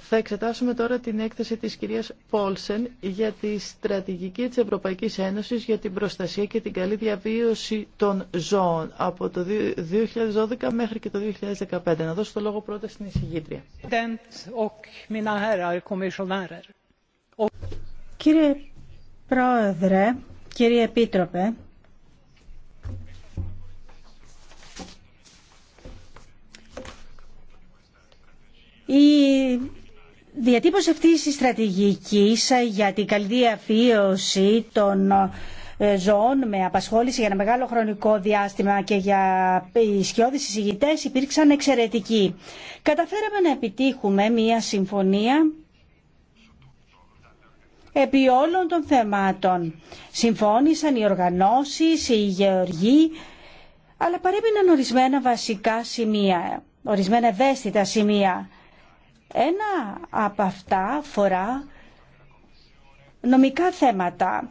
Θα εξετάσουμε τώρα την έκθεση της κυρίας Πόλσεν για τη στρατηγική της Ευρωπαϊκής Ένωσης για την προστασία και την καλή διαβίωση των ζώων από το 2012 μέχρι και το 2015. Να δώσω το λόγο πρώτα στην εισηγήτρια. Κύριε Πρόεδρε, κύριε Επίτροπε, η διατύπωση αυτής τη στρατηγικής για την καλή διαφύωση των ε, ζώων με απασχόληση για ένα μεγάλο χρονικό διάστημα και για οι σκιώδεις συζητητές υπήρξαν εξαιρετικοί. Καταφέραμε να επιτύχουμε μια συμφωνία επί όλων των θεμάτων. Συμφώνησαν οι οργανώσεις, οι γεωργοί, αλλά παρέμειναν ορισμένα βασικά σημεία, ορισμένα ευαίσθητα σημεία. Ένα από αυτά φορά νομικά θέματα.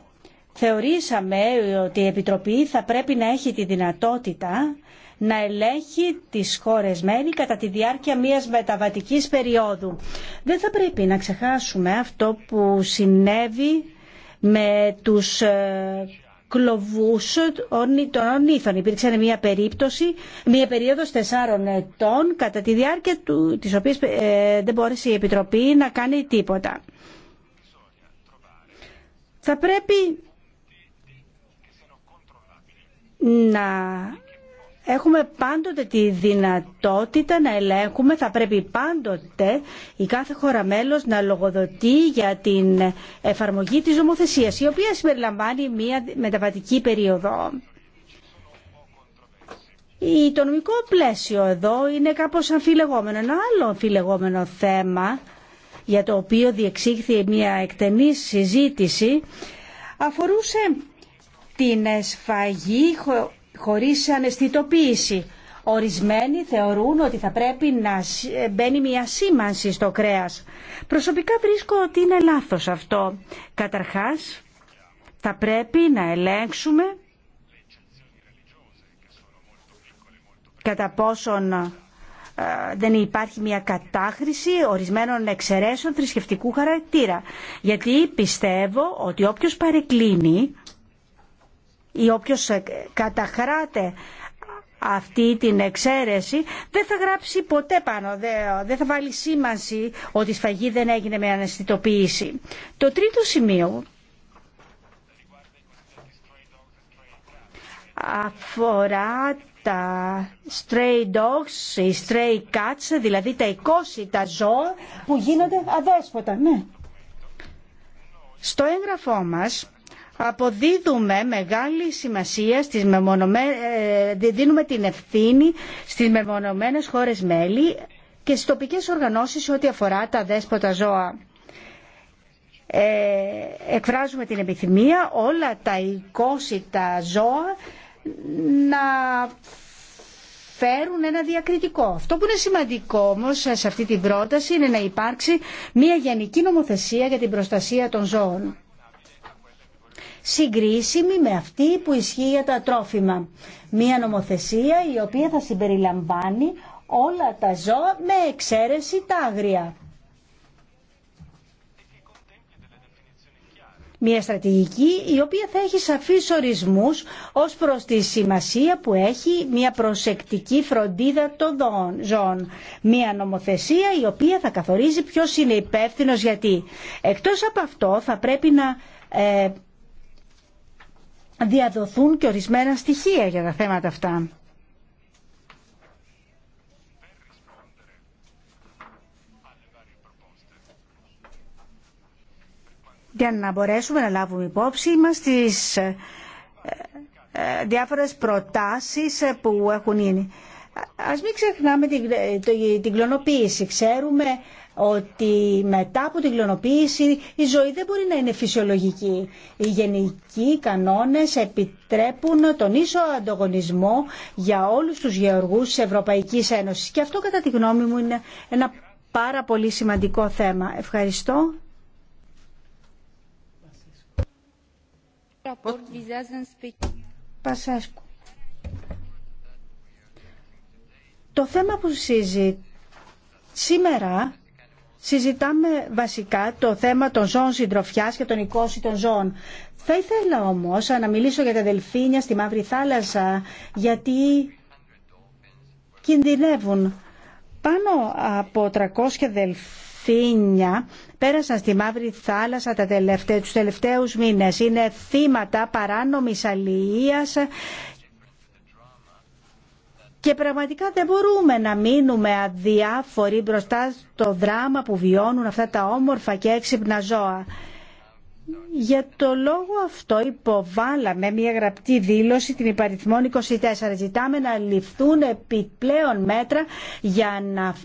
Θεωρήσαμε ότι η Επιτροπή θα πρέπει να έχει τη δυνατότητα να ελέγχει τις χώρες μέλη κατά τη διάρκεια μιας μεταβατικής περίοδου. Δεν θα πρέπει να ξεχάσουμε αυτό που συνέβη με τους ε, κλωβούς των ήθων. Υπήρξε μια περίπτωση, μια περίοδος τεσσάρων ετών κατά τη διάρκεια του, της οποίας ε, δεν μπόρεσε η Επιτροπή να κάνει τίποτα. Θα πρέπει να Έχουμε πάντοτε τη δυνατότητα να ελέγχουμε, θα πρέπει πάντοτε η κάθε χώρα μέλος να λογοδοτεί για την εφαρμογή της νομοθεσίας, η οποία συμπεριλαμβάνει μια μεταβατική περίοδο. Το νομικό πλαίσιο εδώ είναι κάπως αμφιλεγόμενο. Ένα άλλο αμφιλεγόμενο θέμα για το οποίο διεξήχθη μια εκτενή συζήτηση αφορούσε την σφαγή χωρίς αναισθητοποίηση. Ορισμένοι θεωρούν ότι θα πρέπει να ε, μπαίνει μια σήμανση στο κρέας. Προσωπικά βρίσκω ότι είναι λάθος αυτό. Καταρχάς, θα πρέπει να ελέγξουμε κατά πόσον ε, δεν υπάρχει μια κατάχρηση ορισμένων εξαιρέσεων θρησκευτικού χαρακτήρα. Γιατί πιστεύω ότι όποιος παρεκκλίνει ή όποιος καταχράται αυτή την εξαίρεση δεν θα γράψει ποτέ πάνω, δεν θα βάλει σήμανση ότι η σφαγή δεν έγινε με αναισθητοποίηση. Το τρίτο σημείο αφορά τα stray dogs, οι stray cats, δηλαδή τα 20 τα ζώα που γίνονται αδέσποτα. Ναι. Στο έγγραφό μας αποδίδουμε μεγάλη σημασία, στις ε, δίνουμε την ευθύνη στις μεμονωμένες χώρες μέλη και στις τοπικές οργανώσεις ό,τι αφορά τα δέσποτα ζώα. Ε, εκφράζουμε την επιθυμία όλα τα τα ζώα να φέρουν ένα διακριτικό. Αυτό που είναι σημαντικό όμως σε αυτή την πρόταση είναι να υπάρξει μια γενική νομοθεσία για την προστασία των ζώων συγκρίσιμη με αυτή που ισχύει για τα τρόφιμα. Μία νομοθεσία η οποία θα συμπεριλαμβάνει όλα τα ζώα με εξαίρεση τα άγρια. Μια στρατηγική η οποία θα έχει σαφείς ορισμούς ως προς τη σημασία που έχει μια προσεκτική φροντίδα των ζώων. Μια νομοθεσία η οποία θα καθορίζει ποιος είναι υπεύθυνος γιατί. Εκτός από αυτό θα πρέπει να ε, διαδοθούν και ορισμένα στοιχεία για τα θέματα αυτά. για να μπορέσουμε να λάβουμε υπόψη μας τις ε, ε, διάφορες προτάσεις ε, που έχουν γίνει. Ας μην ξεχνάμε την, την κλωνοποίηση. Ξέρουμε ότι μετά από την κλωνοποίηση η ζωή δεν μπορεί να είναι φυσιολογική. Οι γενικοί κανόνες επιτρέπουν τον ίσο ανταγωνισμό για όλους τους γεωργούς της Ευρωπαϊκής Ένωσης. Και αυτό κατά τη γνώμη μου είναι ένα πάρα πολύ σημαντικό θέμα. Ευχαριστώ. Πασάσκου. Το θέμα που συζητήσαμε σήμερα συζητάμε βασικά το θέμα των ζώων συντροφιά και των οικόσιτων ζώων. Θα ήθελα όμω να μιλήσω για τα δελφίνια στη Μαύρη Θάλασσα, γιατί κινδυνεύουν. Πάνω από 300 δελφίνια πέρασαν στη Μαύρη Θάλασσα τα τελευταί, τους τελευταίους μήνες. Είναι θύματα παράνομης αλληλείας και πραγματικά δεν μπορούμε να μείνουμε αδιάφοροι μπροστά στο δράμα που βιώνουν αυτά τα όμορφα και έξυπνα ζώα. Για το λόγο αυτό υποβάλαμε μια γραπτή δήλωση την υπαριθμών 24. Ζητάμε να ληφθούν επιπλέον μέτρα για να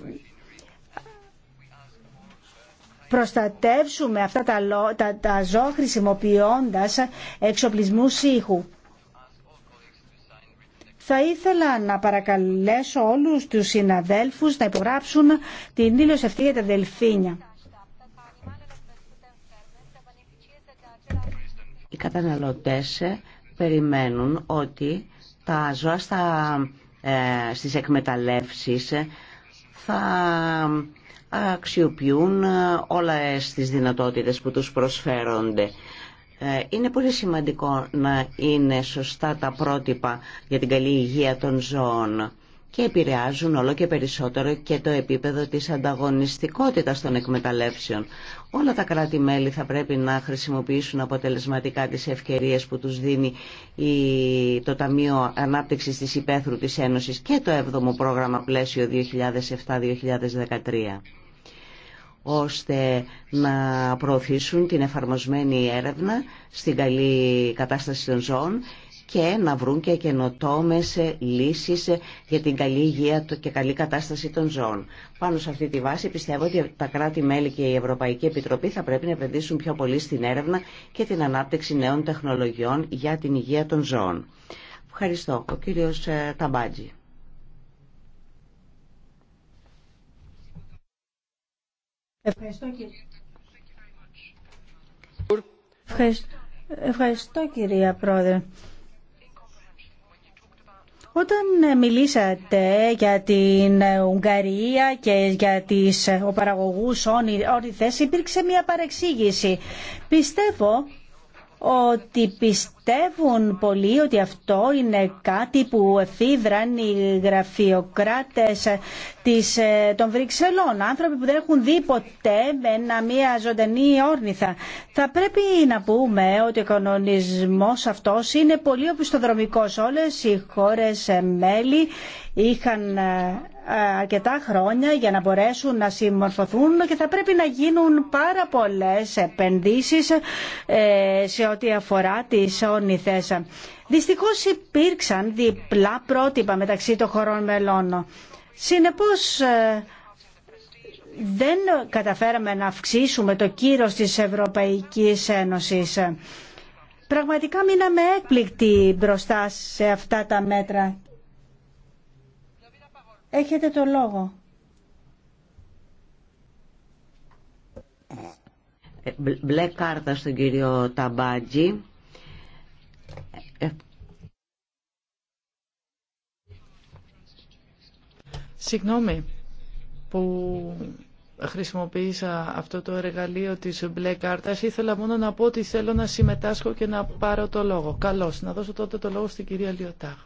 προστατεύσουμε αυτά τα, τα, τα ζώα χρησιμοποιώντας εξοπλισμούς ήχου. Θα ήθελα να παρακαλέσω όλους τους συναδέλφους να υπογράψουν την δήλωση αυτή για τα δελφίνια. Οι καταναλωτές ε, περιμένουν ότι τα ζώα στα, ε, στις εκμεταλλεύσεις ε, θα αξιοποιούν όλες τις δυνατότητες που τους προσφέρονται. Ε, είναι πολύ σημαντικό να είναι σωστά τα πρότυπα για την καλή υγεία των ζώων και επηρεάζουν όλο και περισσότερο και το επίπεδο της ανταγωνιστικότητας των εκμεταλλεύσεων. Όλα τα κράτη-μέλη θα πρέπει να χρησιμοποιήσουν αποτελεσματικά τις ευκαιρίες που τους δίνει το Ταμείο Ανάπτυξης της Υπέθρου της Ένωσης και το 7ο Πρόγραμμα Πλαίσιο 2007-2013 ώστε να προωθήσουν την εφαρμοσμένη έρευνα στην καλή κατάσταση των ζώων και να βρουν και καινοτόμες λύσεις για την καλή υγεία και καλή κατάσταση των ζώων. Πάνω σε αυτή τη βάση πιστεύω ότι τα κράτη-μέλη και η Ευρωπαϊκή Επιτροπή θα πρέπει να επενδύσουν πιο πολύ στην έρευνα και την ανάπτυξη νέων τεχνολογιών για την υγεία των ζώων. Ευχαριστώ. Ο κύριος ε, Ταμπάτζη. Ευχαριστώ κύριε. κυρία Πρόεδρε. Όταν ε, μιλήσατε για την ε, Ουγγαρία και για τις ε, παραγωγούς όνειρες, υπήρξε μια παρεξήγηση. Πιστεύω ότι πιστεύουν πολλοί ότι αυτό είναι κάτι που εφίδραν οι γραφειοκράτες της, ε, των Βρυξελών, άνθρωποι που δεν έχουν δει ποτέ με μια ζωντανή όρνηθα. Θα πρέπει να πούμε ότι ο κανονισμός αυτός είναι πολύ οπισθοδρομικός. Όλες οι χώρες ε, μέλη είχαν ε, ε, αρκετά χρόνια για να μπορέσουν να συμμορφωθούν και θα πρέπει να γίνουν πάρα πολλές επενδύσεις ε, σε ό,τι αφορά τις όνειθες. Δυστυχώς υπήρξαν διπλά πρότυπα μεταξύ των χωρών μελών. Συνεπώς ε, δεν καταφέραμε να αυξήσουμε το κύρος της Ευρωπαϊκής Ένωσης. Πραγματικά μείναμε έκπληκτοι μπροστά σε αυτά τα μέτρα Έχετε το λόγο. Ε, μπλε κάρτα στον κύριο Ταμπάτζη. Ε, Συγγνώμη που χρησιμοποίησα αυτό το εργαλείο της μπλε κάρτας. Ήθελα μόνο να πω ότι θέλω να συμμετάσχω και να πάρω το λόγο. Καλώς. Να δώσω τότε το λόγο στην κυρία Λιωτάχ.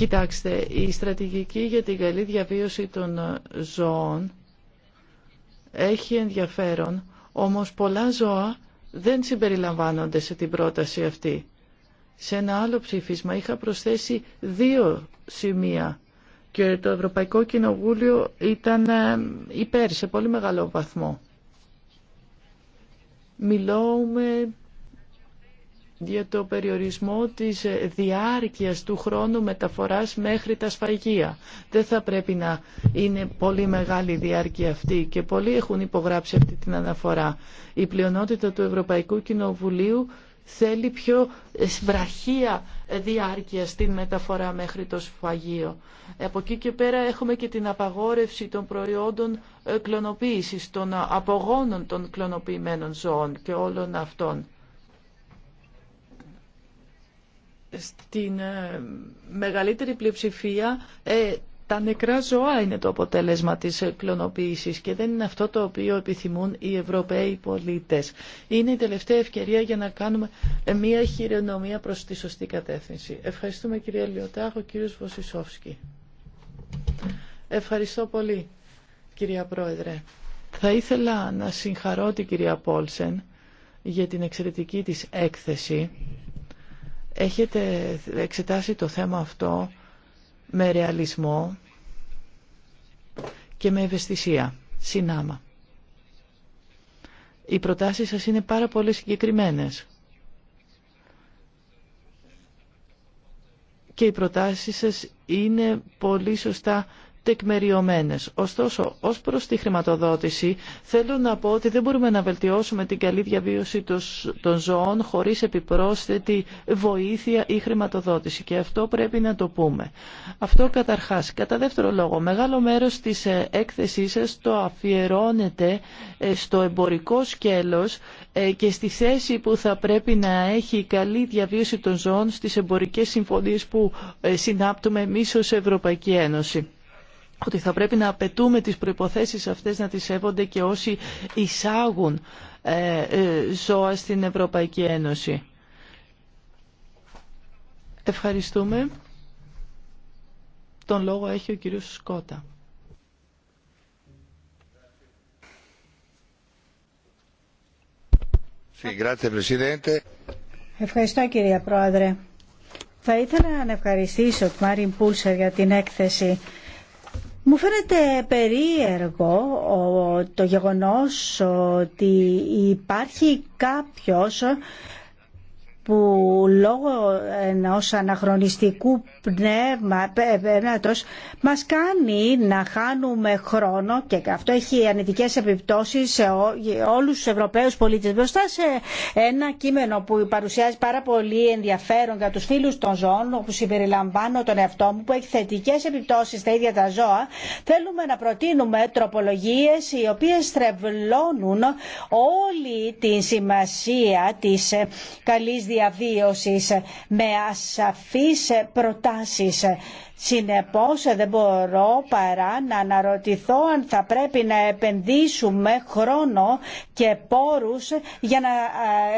Κοιτάξτε, η στρατηγική για την καλή διαβίωση των ζώων έχει ενδιαφέρον, όμως πολλά ζώα δεν συμπεριλαμβάνονται σε την πρόταση αυτή. Σε ένα άλλο ψήφισμα είχα προσθέσει δύο σημεία και το Ευρωπαϊκό Κοινοβούλιο ήταν ε, υπέρ σε πολύ μεγάλο βαθμό. Μιλούμε για το περιορισμό της διάρκειας του χρόνου μεταφοράς μέχρι τα σφαγεία. Δεν θα πρέπει να είναι πολύ μεγάλη η διάρκεια αυτή και πολλοί έχουν υπογράψει αυτή την αναφορά. Η πλειονότητα του Ευρωπαϊκού Κοινοβουλίου θέλει πιο βραχία διάρκεια στην μεταφορά μέχρι το σφαγείο. Από εκεί και πέρα έχουμε και την απαγόρευση των προϊόντων ε, κλωνοποίησης, των απογόνων των κλωνοποιημένων ζώων και όλων αυτών. στην ε, μεγαλύτερη πλειοψηφία ε, τα νεκρά ζώα είναι το αποτέλεσμα της ε, κλωνοποίησης και δεν είναι αυτό το οποίο επιθυμούν οι Ευρωπαίοι πολίτες. Είναι η τελευταία ευκαιρία για να κάνουμε μια χειρονομία προς τη σωστή κατεύθυνση. Ευχαριστούμε κυρία Λιωτάχο, κύριος Βοσισόφσκι. Ευχαριστώ πολύ κυρία Πρόεδρε. Θα ήθελα να συγχαρώ την κυρία Πόλσεν για την εξαιρετική της έκθεση έχετε εξετάσει το θέμα αυτό με ρεαλισμό και με ευαισθησία, συνάμα. Οι προτάσεις σας είναι πάρα πολύ συγκεκριμένες. Και οι προτάσεις σας είναι πολύ σωστά τεκμεριωμένες. Ωστόσο, ως προς τη χρηματοδότηση, θέλω να πω ότι δεν μπορούμε να βελτιώσουμε την καλή διαβίωση των ζώων χωρίς επιπρόσθετη βοήθεια ή χρηματοδότηση. Και αυτό πρέπει να το πούμε. Αυτό καταρχάς. Κατά δεύτερο λόγο, μεγάλο μέρος της ε, έκθεσής σας το αφιερώνεται ε, στο εμπορικό σκέλος ε, και στη θέση που θα πρέπει να έχει η καλή διαβίωση των ζώων στις εμπορικές συμφωνίες που συνάπτουμε εμείς ως Ευρωπαϊκή Ένωση ότι θα πρέπει να απαιτούμε τις προϋποθέσεις αυτές να τις σέβονται και όσοι εισάγουν ε, ε, ζώα στην Ευρωπαϊκή Ένωση. Ευχαριστούμε. Τον λόγο έχει ο κύριος Σκότα. Ευχαριστώ κύριε Πρόεδρε. Θα ήθελα να ευχαριστήσω τον Μάριν Πούλσερ για την έκθεση μου φαίνεται περίεργο το γεγονός ότι υπάρχει κάποιος που λόγω ενός αναχρονιστικού πνεύματος μας κάνει να χάνουμε χρόνο και αυτό έχει ανετικές επιπτώσεις σε όλους τους Ευρωπαίους πολίτες. Μπροστά σε ένα κείμενο που παρουσιάζει πάρα πολύ ενδιαφέρον για τους φίλους των ζώων, όπου συμπεριλαμβάνω τον εαυτό μου, που έχει θετικές επιπτώσεις στα ίδια τα ζώα, θέλουμε να προτείνουμε τροπολογίες οι οποίες στρεβλώνουν όλη την σημασία της ε, καλής διαβίωσης με ασαφείς προτάσεις. Συνεπώς δεν μπορώ παρά να αναρωτηθώ αν θα πρέπει να επενδύσουμε χρόνο και πόρους για να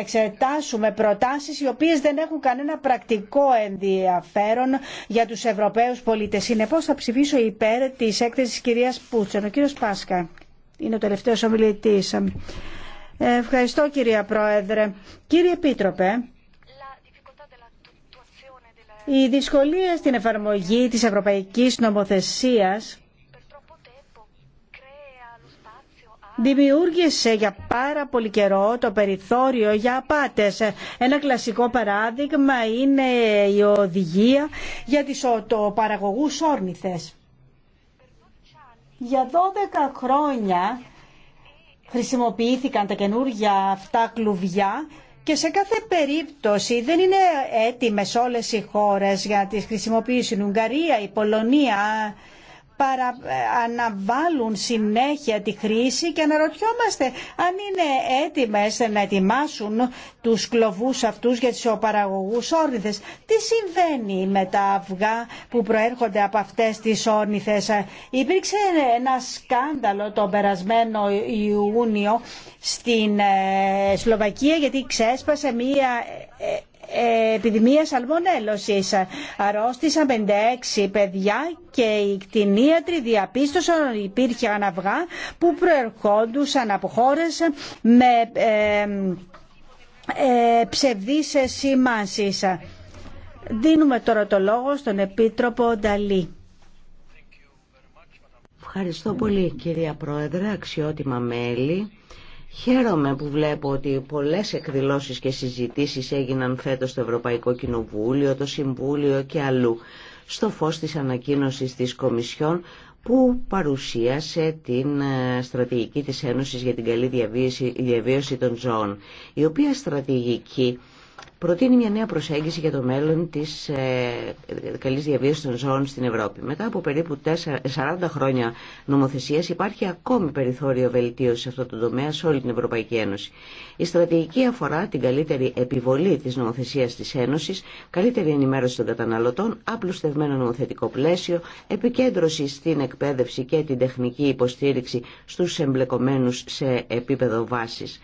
εξετάσουμε προτάσεις οι οποίες δεν έχουν κανένα πρακτικό ενδιαφέρον για τους Ευρωπαίους πολίτες. Συνεπώς θα ψηφίσω υπέρ της έκθεσης κυρίας Πούτσεν. Ο κύριος Πάσκα είναι ο τελευταίος ομιλητής. Ευχαριστώ κυρία Πρόεδρε. Κύριε Επίτροπε, η δυσκολία στην εφαρμογή της ευρωπαϊκής νομοθεσίας δημιούργησε για πάρα πολύ καιρό το περιθώριο για απάτες. Ένα κλασικό παράδειγμα είναι η οδηγία για τις οτοπαραγωγούς όρνηθες. Για 12 χρόνια χρησιμοποιήθηκαν τα καινούργια αυτά κλουβιά και σε κάθε περίπτωση δεν είναι έτοιμες όλες οι χώρες για να τις Η Ουγγαρία, η Πολωνία, παρα... Ε, αναβάλουν συνέχεια τη χρήση και αναρωτιόμαστε αν είναι έτοιμες να ετοιμάσουν τους κλοβούς αυτούς για τις οπαραγωγούς όρνηθες. Τι συμβαίνει με τα αυγά που προέρχονται από αυτές τις όρνηθες. Ε, υπήρξε ένα σκάνδαλο τον περασμένο Ιούνιο στην ε, Σλοβακία γιατί ξέσπασε μία επιδημία σαλμονέλωσης. Αρρώστησαν 56 παιδιά και οι κτηνίατροι διαπίστωσαν ότι υπήρχαν αυγά που προερχόντουσαν από χώρες με ε, ε, ψευδείς Δίνουμε τώρα το λόγο στον Επίτροπο Νταλή. Ευχαριστώ πολύ κυρία Πρόεδρε, αξιότιμα μέλη. Χαίρομαι που βλέπω ότι πολλές εκδηλώσεις και συζητήσεις έγιναν φέτος στο Ευρωπαϊκό Κοινοβούλιο, το Συμβούλιο και αλλού στο φως της ανακοίνωσης της Κομισιόν που παρουσίασε την ε, στρατηγική της Ένωσης για την καλή διαβίωση, διαβίωση των ζώων, η οποία στρατηγική προτείνει μια νέα προσέγγιση για το μέλλον της ε, καλής διαβίωσης των ζώων στην Ευρώπη. Μετά από περίπου 40 χρόνια νομοθεσίας υπάρχει ακόμη περιθώριο βελτίωση σε αυτό το τομέα σε όλη την Ευρωπαϊκή Ένωση. Η στρατηγική αφορά την καλύτερη επιβολή της νομοθεσίας της Ένωσης, καλύτερη ενημέρωση των καταναλωτών, απλουστευμένο νομοθετικό πλαίσιο, επικέντρωση στην εκπαίδευση και την τεχνική υποστήριξη στους εμπλεκομένους σε επίπεδο βάσης.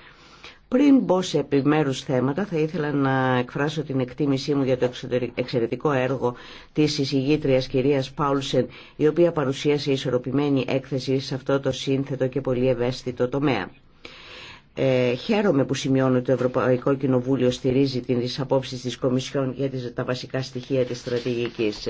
Πριν μπω σε επιμέρους θέματα, θα ήθελα να εκφράσω την εκτίμησή μου για το εξαιρετικό έργο της εισηγήτριας κυρίας Πάουλσεν, η οποία παρουσίασε ισορροπημένη έκθεση σε αυτό το σύνθετο και πολύ ευαίσθητο τομέα. Ε, χαίρομαι που σημειώνω ότι το Ευρωπαϊκό Κοινοβούλιο στηρίζει τις απόψεις της Κομισιόν για τα βασικά στοιχεία της στρατηγικής.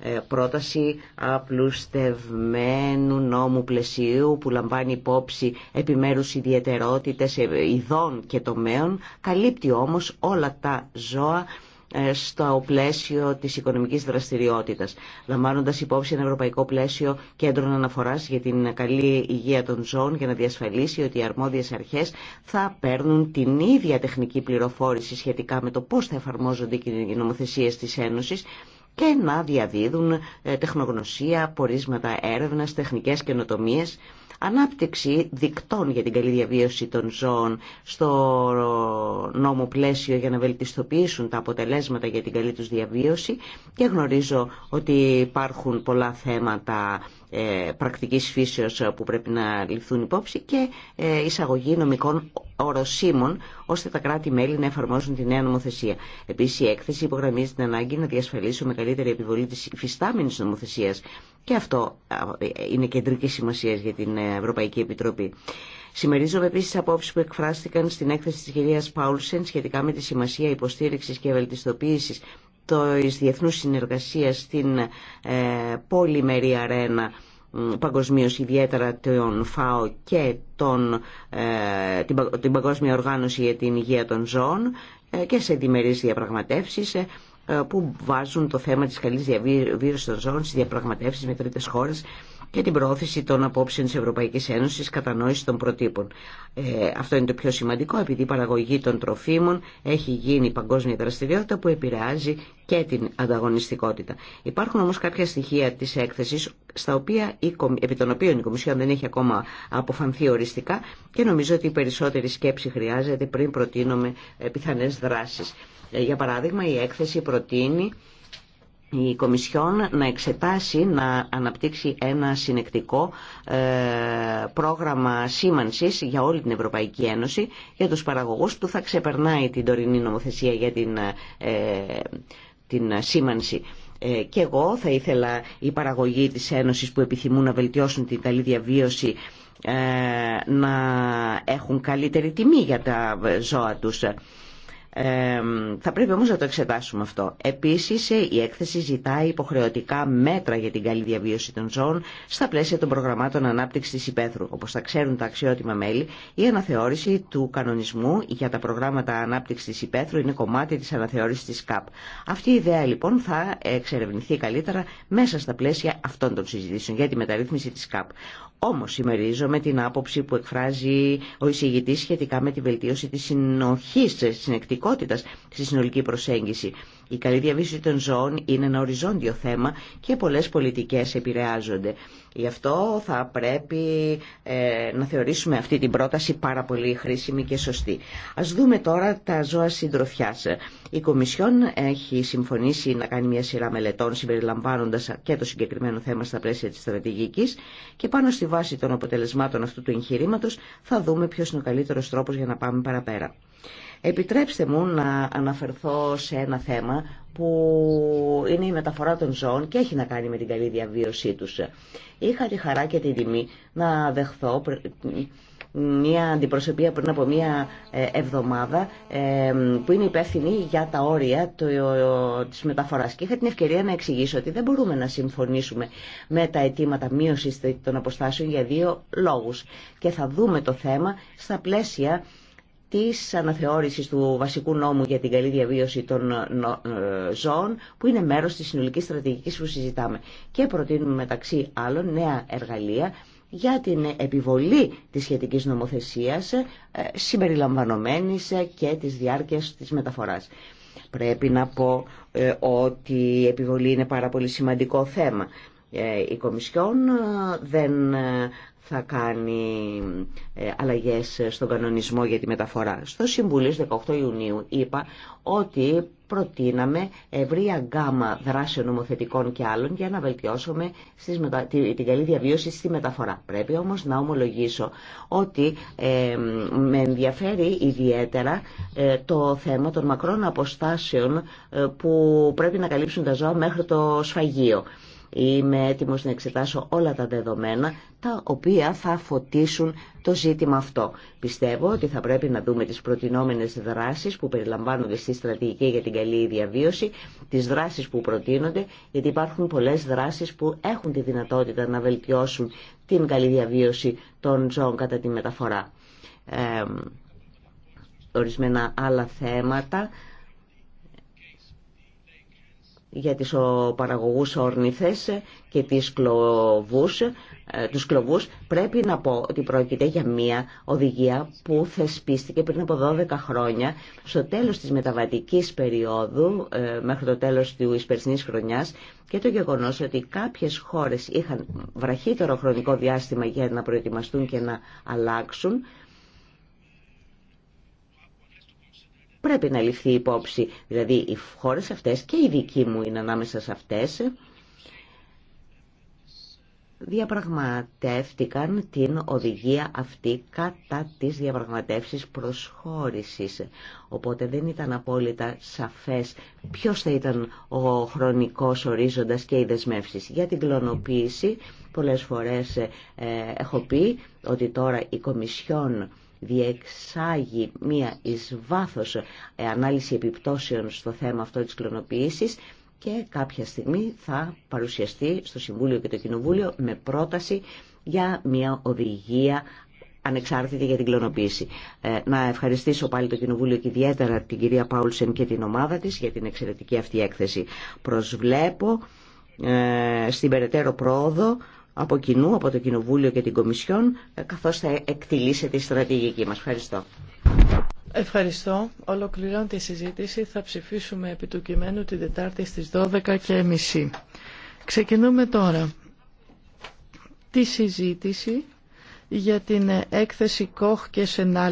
Ε, πρόταση απλουστευμένου νόμου πλαισίου που λαμβάνει υπόψη επιμέρους ιδιαιτερότητες ε, ειδών και τομέων, καλύπτει όμως όλα τα ζώα ε, στο πλαίσιο της οικονομικής δραστηριότητας, λαμβάνοντας υπόψη ένα ευρωπαϊκό πλαίσιο κέντρων αναφοράς για την καλή υγεία των ζώων για να διασφαλίσει ότι οι αρμόδιες αρχές θα παίρνουν την ίδια τεχνική πληροφόρηση σχετικά με το πώς θα εφαρμόζονται οι νομοθεσίες της Ένωσης και να διαδίδουν ε, τεχνογνωσία, πορίσματα έρευνας, τεχνικές καινοτομίες Ανάπτυξη δικτών για την καλή διαβίωση των ζώων στο νόμο πλαίσιο για να βελτιστοποιήσουν τα αποτελέσματα για την καλή τους διαβίωση και γνωρίζω ότι υπάρχουν πολλά θέματα ε, πρακτικής φύσεως που πρέπει να ληφθούν υπόψη και ε, εισαγωγή νομικών οροσίμων ώστε τα κράτη-μέλη να εφαρμόσουν τη νέα νομοθεσία. Επίσης η έκθεση υπογραμμίζει την ανάγκη να διασφαλίσουμε καλύτερη επιβολή της υφιστάμενης νομοθεσίας και αυτό είναι κεντρική σημασία για την ε, Ευρωπαϊκή Επιτροπή. Συμμερίζομαι επίση απόψει που εκφράστηκαν στην έκθεση τη κυρία Πάουλσεν σχετικά με τη σημασία υποστήριξη και βελτιστοποίηση τη διεθνού συνεργασία στην ε, πολυμερή αρένα παγκοσμίως ιδιαίτερα των ΦΑΟ και τον, ε, την, Παγκόσμια Οργάνωση για την Υγεία των Ζώων ε, και σε διμερείς διαπραγματεύσεις ε, που βάζουν το θέμα της καλής διαβίωσης των ζώων στις διαπραγματεύσεις με τρίτες χώρες και την προώθηση των απόψεων της Ευρωπαϊκής Ένωσης κατανόηση των προτύπων. Ε, αυτό είναι το πιο σημαντικό επειδή η παραγωγή των τροφίμων έχει γίνει παγκόσμια δραστηριότητα που επηρεάζει και την ανταγωνιστικότητα. Υπάρχουν όμως κάποια στοιχεία της έκθεσης στα οποία επί των οποίων η Κομισιόν δεν έχει ακόμα αποφανθεί οριστικά και νομίζω ότι η περισσότερη σκέψη χρειάζεται πριν προτείνουμε ε, πιθανές δράσεις. Ε, για παράδειγμα, η έκθεση προτείνει η Κομισιόν να εξετάσει, να αναπτύξει ένα συνεκτικό ε, πρόγραμμα σήμανσης για όλη την Ευρωπαϊκή Ένωση για τους παραγωγούς που θα ξεπερνάει την τωρινή νομοθεσία για την, ε, την σήμανση. Και εγώ θα ήθελα οι παραγωγοί της Ένωσης που επιθυμούν να βελτιώσουν την καλή διαβίωση να έχουν καλύτερη τιμή για τα ζώα τους θα πρέπει όμως να το εξετάσουμε αυτό. Επίσης ε, η έκθεση ζητάει υποχρεωτικά μέτρα για την καλή διαβίωση των ζώων στα πλαίσια των προγραμμάτων ανάπτυξης της υπαίθρου. Όπως θα ξέρουν τα αξιότιμα μέλη, η αναθεώρηση του κανονισμού για τα προγράμματα ανάπτυξης της υπαίθρου είναι κομμάτι της αναθεώρησης της ΚΑΠ. Αυτή η ιδέα λοιπόν θα εξερευνηθεί καλύτερα μέσα στα πλαίσια αυτών των συζητήσεων για τη μεταρρύθμιση της ΚΑΠ. Όμως ημερίζομαι την άποψη που εκφράζει ο εισηγητής σχετικά με τη βελτίωση της συνοχής, της συνεκτικότητας στη συνολική προσέγγιση. Η καλή διαβίωση των ζώων είναι ένα οριζόντιο θέμα και πολλές πολιτικές επηρεάζονται. Γι' αυτό θα πρέπει ε, να θεωρήσουμε αυτή την πρόταση πάρα πολύ χρήσιμη και σωστή. Ας δούμε τώρα τα ζώα συντροφιάς. Η Κομισιόν έχει συμφωνήσει να κάνει μια σειρά μελετών συμπεριλαμβάνοντας και το συγκεκριμένο θέμα στα πλαίσια της στρατηγικής και πάνω στη βάση των αποτελεσμάτων αυτού του εγχειρήματος θα δούμε ποιος είναι ο καλύτερος τρόπος για να πάμε παραπέρα. Επιτρέψτε μου να αναφερθώ σε ένα θέμα που είναι η μεταφορά των ζώων και έχει να κάνει με την καλή διαβίωσή τους. Είχα τη χαρά και την τιμή να δεχθώ μια αντιπροσωπεία πριν από μια ε, εβδομάδα ε, που είναι υπεύθυνη για τα όρια της μεταφοράς και είχα την ευκαιρία να εξηγήσω ότι δεν μπορούμε να συμφωνήσουμε με τα αιτήματα μείωσης των αποστάσεων για δύο λόγους και θα δούμε το θέμα στα πλαίσια της αναθεώρησης του βασικού νόμου για την καλή διαβίωση των ε, ζώων που είναι μέρος της συνολικής στρατηγικής που συζητάμε. Και προτείνουμε μεταξύ άλλων νέα εργαλεία για την επιβολή της σχετικής νομοθεσίας ε, συμπεριλαμβανομένης ε, και της διάρκειας της μεταφοράς. Πρέπει να πω ότι η επιβολή είναι πάρα πολύ σημαντικό θέμα. Η Κομισιόν δεν θα κάνει ε, αλλαγές στον κανονισμό για τη μεταφορά. Στο Συμβούλιο 18 Ιουνίου είπα ότι προτείναμε ευρία γκάμα δράσεων νομοθετικών και άλλων για να βελτιώσουμε στις την καλή διαβίωση στη μεταφορά. Πρέπει όμως να ομολογήσω ότι ε, με ενδιαφέρει ιδιαίτερα ε, το θέμα των μακρών αποστάσεων ε, που πρέπει να καλύψουν τα ζώα μέχρι το σφαγείο. Είμαι έτοιμος να εξετάσω όλα τα δεδομένα τα οποία θα φωτίσουν το ζήτημα αυτό. Πιστεύω ότι θα πρέπει να δούμε τις προτινόμενες δράσεις που περιλαμβάνονται στη στρατηγική για την καλή διαβίωση, τις δράσεις που προτείνονται, γιατί υπάρχουν πολλές δράσεις που έχουν τη δυνατότητα να βελτιώσουν την καλή διαβίωση των ζώων κατά τη μεταφορά. Ε, ορισμένα άλλα θέματα για τις παραγωγούς ορνηθές και τις κλωβούς, ε, τους κλωβούς πρέπει να πω ότι πρόκειται για μια οδηγία που θεσπίστηκε πριν από 12 χρόνια στο τέλος της μεταβατικής περίοδου ε, μέχρι το τέλος του περσινής χρονιάς και το γεγονός ότι κάποιες χώρες είχαν βραχύτερο χρονικό διάστημα για να προετοιμαστούν και να αλλάξουν πρέπει να ληφθεί υπόψη. Δηλαδή οι χώρες αυτές και η δική μου είναι ανάμεσα σε αυτές διαπραγματεύτηκαν την οδηγία αυτή κατά τις διαπραγματεύσεις προσχώρησης. Οπότε δεν ήταν απόλυτα σαφές ποιος θα ήταν ο χρονικός ορίζοντας και οι δεσμεύσεις. Για την κλωνοποίηση πολλές φορές ε, έχω πει ότι τώρα η Κομισιόν διεξάγει μία εις βάθος ε, ανάλυση επιπτώσεων στο θέμα αυτό της κλωνοποίησης και κάποια στιγμή θα παρουσιαστεί στο Συμβούλιο και το Κοινοβούλιο με πρόταση για μια οδηγία ανεξάρτητη για την κλωνοποίηση. Ε, να ευχαριστήσω πάλι το Κοινοβούλιο και ιδιαίτερα την κυρία Πάουλσεν και την ομάδα της για την εξαιρετική αυτή έκθεση. Προσβλέπω ε, στην περαιτέρω πρόοδο από κοινού, από το Κοινοβούλιο και την Κομισιόν, ε, καθώς θα εκτιλήσετε τη στρατηγική μας. Ευχαριστώ. Ευχαριστώ. Ολοκληρών τη συζήτηση. Θα ψηφίσουμε επί του κειμένου την Δετάρτη στις 12.30. Ξεκινούμε τώρα τη συζήτηση για την έκθεση Κοχ και Σενάλ.